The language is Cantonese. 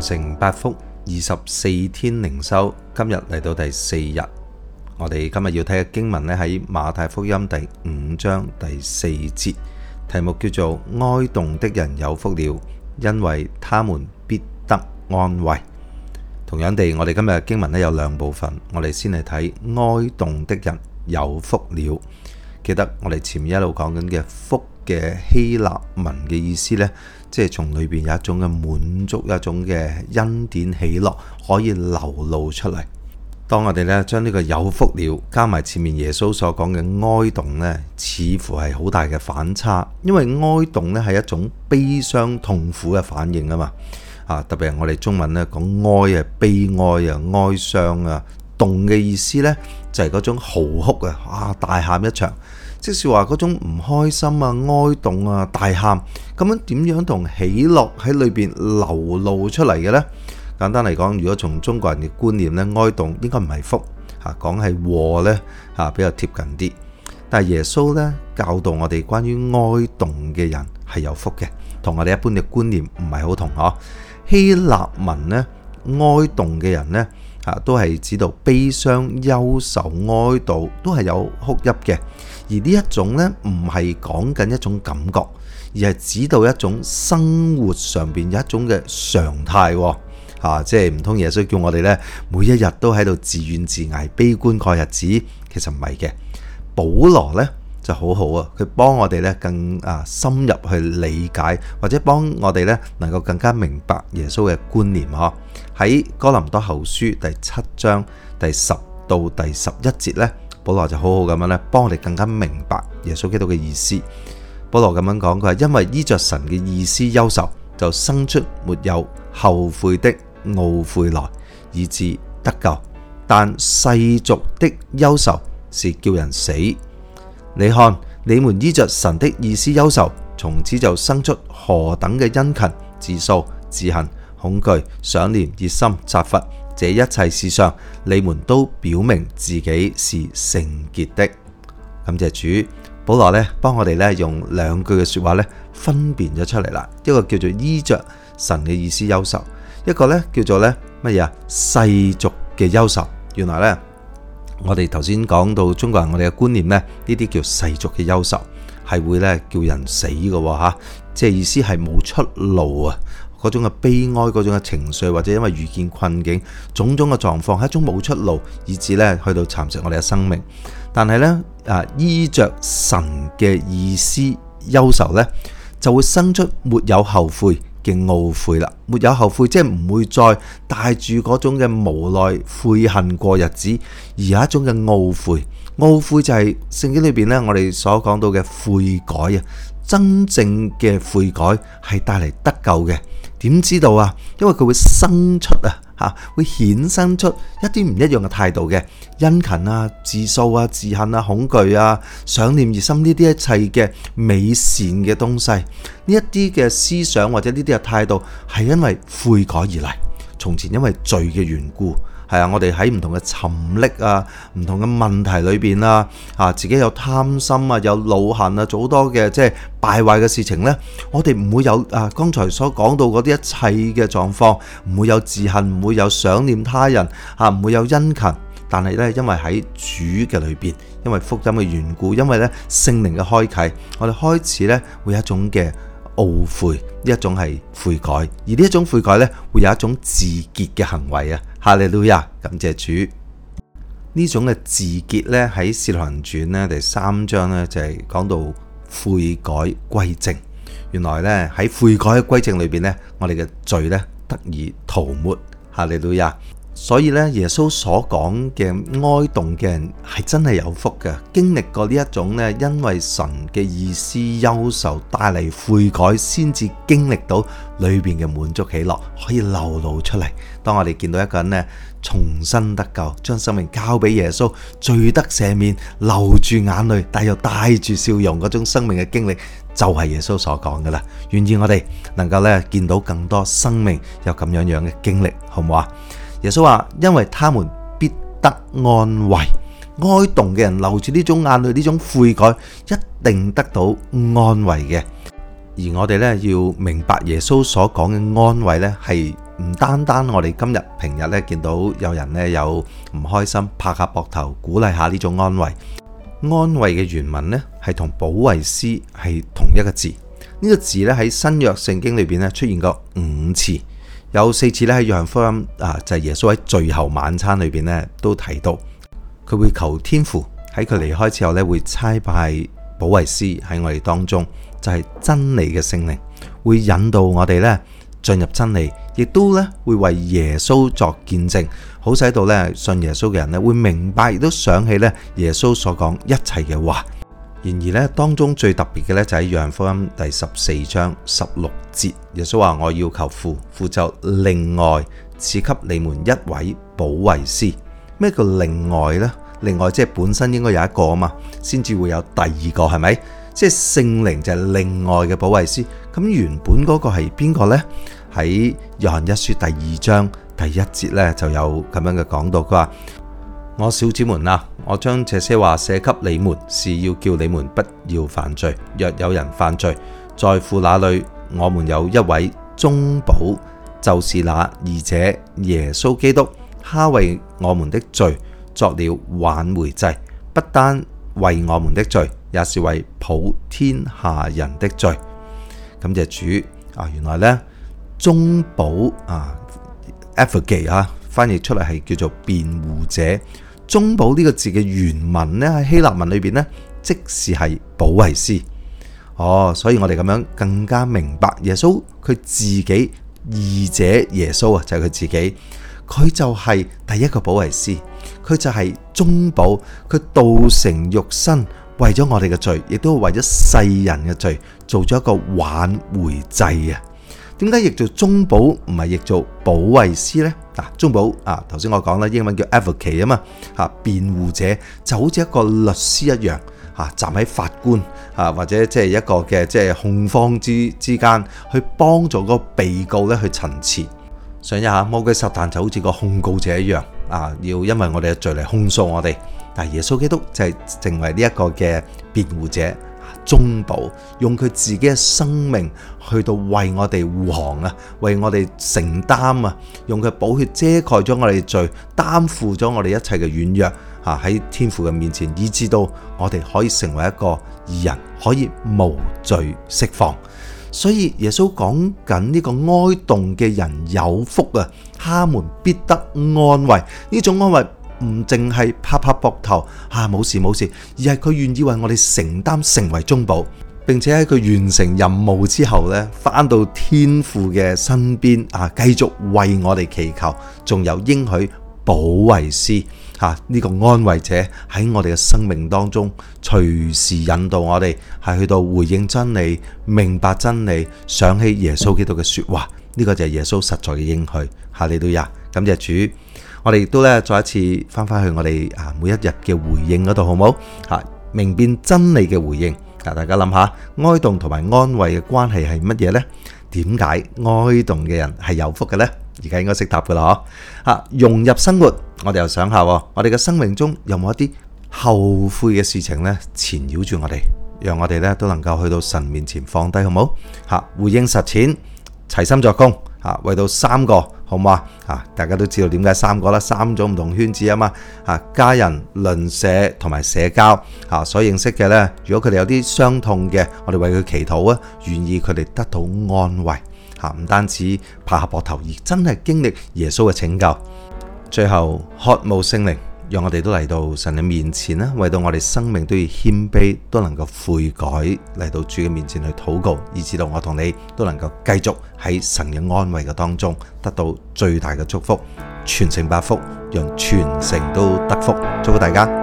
承八福，二十四天靈修，今日嚟到第四日。我哋今日要睇嘅經文呢，喺馬太福音第五章第四節，題目叫做哀慟的人有福了，因為他們必得安慰。同樣地，我哋今日嘅經文呢，有兩部分，我哋先嚟睇哀慟的人有福了。記得我哋前面一路講緊嘅福。嘅希臘文嘅意思呢，即係從裏邊有一種嘅滿足，一種嘅恩典喜樂可以流露出嚟。當我哋呢將呢個有福了加埋前面耶穌所講嘅哀慟呢，似乎係好大嘅反差，因為哀慟呢係一種悲傷痛苦嘅反應啊嘛啊，特別係我哋中文呢講哀啊，悲哀啊，哀傷啊，慟嘅意思呢，就係嗰種嚎哭啊啊，大喊一場。即是話嗰種唔開心啊、哀慟啊、大喊咁樣點樣同喜樂喺裏邊流露出嚟嘅咧？簡單嚟講，如果從中國人嘅觀念咧，哀慟應該唔係福嚇，講係禍咧嚇，比較貼近啲。但係耶穌咧，教導我哋關於哀慟嘅人係有福嘅，同我哋一般嘅觀念唔係好同嗬。希臘文咧，哀慟嘅人咧。啊，都係指到悲傷、憂愁、愁、哀悼，都係有哭泣嘅。而呢一種呢，唔係講緊一種感覺，而係指到一種生活上邊有一種嘅常態。啊，即係唔通耶穌叫我哋呢，每一日都喺度自怨自艾、悲觀過日子，其實唔係嘅。保羅呢。就好好啊！佢幫我哋咧，更啊深入去理解，或者幫我哋咧，能夠更加明白耶穌嘅觀念。嗬，喺哥林多後書第七章第十到第十一節咧，保羅就好好咁樣咧，幫我哋更加明白耶穌基督嘅意思。保羅咁樣講，佢係因為依著神嘅意思憂愁，就生出沒有後悔的懊悔來，以致得救。但世俗的憂愁是叫人死。你看你們依着神的意思憂愁，從此就生出何等嘅殷勤、自訴、自恨、恐懼、想念、熱心、責罰，這一切事上，你們都表明自己是聖潔的。感謝主，保羅咧，幫我哋咧用兩句嘅說話咧，分辨咗出嚟啦，一個叫做依着神嘅意思憂愁，一個咧叫做咧乜嘢啊，世俗嘅憂愁。原來呢。我哋頭先講到中國人，我哋嘅觀念呢，呢啲叫世俗嘅憂愁，係會呢叫人死嘅吓，即係意思係冇出路啊。嗰種嘅悲哀，嗰種嘅情緒，或者因為遇見困境，種種嘅狀況，係一種冇出路，以致呢去到蠶食我哋嘅生命。但係呢，啊，依着神嘅意思，憂愁呢，就會生出沒有後悔。嘅懊悔啦，沒有後悔，即係唔會再帶住嗰種嘅無奈、悔恨過日子，而有一種嘅懊悔。懊悔就係聖經裏邊咧，我哋所講到嘅悔改啊，真正嘅悔改係帶嚟得救嘅。點知道啊？因為佢會生出啊。吓，會衍生出一啲唔一樣嘅態度嘅，殷勤啊、自訴啊、自恨啊、恐懼啊、想念、熱心呢啲一切嘅美善嘅東西，呢一啲嘅思想或者呢啲嘅態度，係因為悔改而嚟，從前因為罪嘅緣故。係啊！我哋喺唔同嘅沉溺啊，唔同嘅問題裏面啊，啊，自己有貪心啊，有惱恨啊，做好多嘅即係敗壞嘅事情呢。我哋唔會有啊，剛才所講到嗰啲一切嘅狀況，唔會有自恨，唔會有想念他人，啊，唔會有恩勤。但係呢，因為喺主嘅裏面，因為福音嘅緣故，因為呢聖靈嘅開啟，我哋開始呢會有一種嘅懊悔，呢一種係悔改，而呢一種悔改呢，會有一種自潔嘅行為啊。哈利路亞，感謝主。呢種嘅自潔咧，喺《使徒行傳》咧第三章咧就係講到悔改歸正。原來咧喺悔改歸正裏邊咧，我哋嘅罪咧得以塗抹。哈利路亞。所以咧，耶穌所講嘅哀慟嘅人係真係有福嘅。經歷過呢一種咧，因為神嘅意思憂愁帶嚟悔改，先至經歷到裏邊嘅滿足喜樂，可以流露出嚟。當我哋見到一個人咧，重生得救，將生命交俾耶穌，罪得赦免，流住眼淚，但又帶住笑容嗰種生命嘅經歷，就係耶穌所講噶啦。願意我哋能夠咧見到更多生命有咁樣樣嘅經歷，好唔好啊？耶穌話：因為他們必得安慰，哀慟嘅人流住呢種眼淚，呢種悔改一定得到安慰嘅。而我哋咧要明白耶穌所講嘅安慰咧，係唔單單我哋今日平日咧見到有人咧有唔開心拍下膊頭鼓勵下呢種安慰。安慰嘅原文咧係同保惠師係同一個字，呢個字咧喺新約聖經裏邊咧出現過五次。有四次咧喺約翰福音啊，就係、是、耶穌喺最後晚餐裏邊咧，都提到佢會求天父喺佢離開之後咧，會差派保惠師喺我哋當中，就係、是、真理嘅聖靈，會引導我哋咧進入真理，亦都咧會為耶穌作見證，好使到咧信耶穌嘅人咧會明白，亦都想起咧耶穌所講一切嘅話。然而咧，當中最特別嘅咧就係約翰福音第十四章十六節，耶穌話：我要求父，父就另外賜給你們一位保惠師。咩叫另外呢？另外即係本身應該有一個啊嘛，先至會有第二個係咪？即係、就是、聖靈就係另外嘅保惠師。咁原本嗰個係邊個呢？喺約翰一書第二章第一節呢，就有咁樣嘅講到，佢話。我小子們啊，我將這些話寫給你們，是要叫你們不要犯罪。若有人犯罪，在父那裏，我們有一位中保，就是那義者耶穌基督，他為我們的罪作了挽回祭，不單為我們的罪，也是為普天下人的罪。感謝主啊，原來呢，中保啊 a p h i g 祭啊，翻譯出嚟係叫做辯護者。中保呢個字嘅原文呢，喺希臘文裏邊呢，即是係保惠師哦。所以我哋咁樣更加明白耶穌佢自己二者耶穌啊，就係佢自己，佢就係第一個保惠師，佢就係中保，佢道成肉身，為咗我哋嘅罪，亦都為咗世人嘅罪，做咗一個挽回祭啊。點解譯做中保唔係譯做保惠師呢？嗱，中保啊，頭先我講啦，英文叫 advocate 啊嘛，吓，辯護者就好似一個律師一樣，吓，站喺法官啊或者即係一個嘅即係控方之之間去幫助個被告咧，去陳詞。想一下，魔鬼撒旦就好似個控告者一樣啊，要因為我哋嘅罪嚟控訴我哋，但耶穌基督就係成為呢一個嘅辯護者。中保用佢自己嘅生命去到為我哋護航啊，為我哋承擔啊，用佢寶血遮蓋咗我哋嘅罪，擔負咗我哋一切嘅軟弱啊，喺天父嘅面前，以至到我哋可以成為一個義人，可以無罪釋放。所以耶穌講緊呢個哀慟嘅人有福啊，他們必得安慰。呢種安慰。唔淨係拍拍膊頭，吓、啊、冇事冇事，而係佢願意為我哋承擔，成為中保，並且喺佢完成任務之後呢，翻到天父嘅身邊啊，繼續為我哋祈求，仲有應許保惠師吓呢、啊這個安慰者喺我哋嘅生命當中隨時引導我哋係、啊、去到回應真理、明白真理、想起耶穌基督嘅說話，呢、這個就係耶穌實在嘅應許。哈利路亞，感謝主。我哋亦都咧，再一次翻返去我哋啊，每一日嘅回應嗰度，好唔好？吓，明辨真理嘅回應，嗱，大家諗下哀慟同埋安慰嘅關係係乜嘢呢？點解哀慟嘅人係有福嘅呢？而家應該識答噶啦嗬，吓，融入生活，我哋又想下，我哋嘅生命中有冇一啲後悔嘅事情呢？纏繞住我哋，讓我哋呢，都能夠去到神面前放低，好唔好？吓，回應實踐，齊心作工，吓為到三個。好唔好啊？啊，大家都知道點解三個啦，三種唔同圈子啊嘛。啊，家人、鄰舍同埋社交啊，所認識嘅呢。如果佢哋有啲傷痛嘅，我哋為佢祈禱啊，願意佢哋得到安慰。嚇，唔單止拍下膊頭，而真係經歷耶穌嘅拯救。最後渴慕聖靈。讓我哋都嚟到神嘅面前啦，為到我哋生命都要謙卑，都能夠悔改嚟到主嘅面前去禱告，以至到我同你都能夠繼續喺神嘅安慰嘅當中得到最大嘅祝福，全城八福，讓全城都得福，祝福大家。